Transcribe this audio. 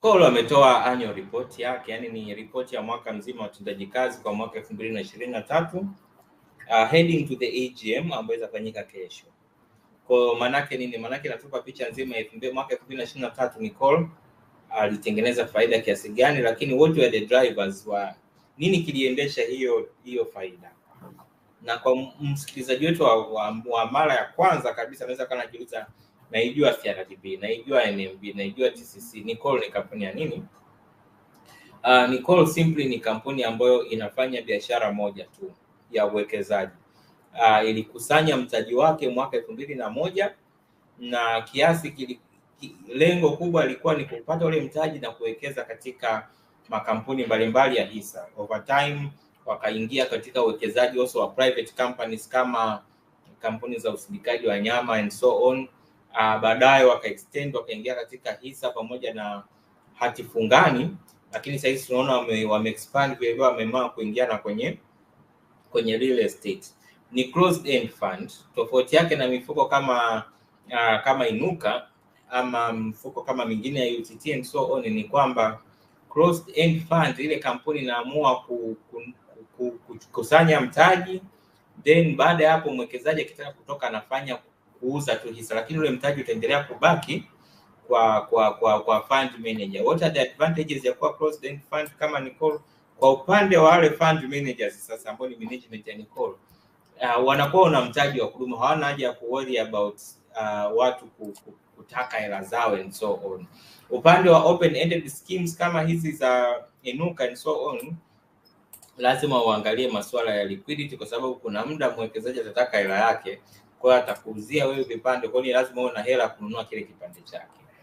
Kolo ametoa annual report yake, yani ni ripoti ya mwaka mzima wa utendaji kazi kwa mwaka elfu mbili na ishirini na tatu uh, heading to the AGM ambayo itafanyika kesho. Kwa maanake nini? Maanake natupa picha nzima ya mwaka elfu mbili na ishirini na tatu ni alitengeneza uh, faida kiasi gani, lakini what were the drivers wa nini kiliendesha hiyo hiyo faida. Na kwa msikilizaji wetu wa, wa, wa mara ya kwanza kabisa anaweza kana jiuliza naijua CRDB, naijua NMB, naijua TCC. Nicole ni kampuni ya nini? Uh, ah, Nicole Simply ni kampuni ambayo inafanya biashara moja tu ya uwekezaji. Uh, ilikusanya mtaji wake mwaka elfu mbili na moja na kiasi kili, lengo kubwa ilikuwa ni kupata ule mtaji na kuwekeza katika makampuni mbalimbali ya hisa. Over time wakaingia katika uwekezaji also wa private companies kama kampuni za usindikaji wa nyama and so on uh, baadaye wakaextend wakaingia katika hisa pamoja na hati fungani, lakini sasa hivi tunaona wame, wame expand vile vile wamemaa kuingia na kwenye kwenye real estate. Ni closed end fund, tofauti yake na mifuko kama uh, kama Inuka ama mfuko kama mingine ya UTT and so on ni kwamba closed end fund, ile kampuni inaamua kukusanya mtaji then baada ya hapo mwekezaji akitaka kutoka anafanya kuuza tu hisa, lakini ule mtaji utaendelea kubaki kwa kwa kwa kwa fund manager. What are the advantages ya kuwa closed end fund kama Nicole? Kwa upande wa wale fund managers sasa ambao ni management ya Nicole, uh, wanakuwa na mtaji wa kudumu, hawana haja ya kuworry about uh, watu kutaka hela zao and so on. Upande wa open ended schemes kama hizi za Inuka and so on, lazima uangalie masuala ya liquidity, kwa sababu kuna muda mwekezaji atataka hela yake kwa hiyo atakuuzia wewe vipande, kwa hiyo ni lazima uwe na hela kununua kile kipande chake.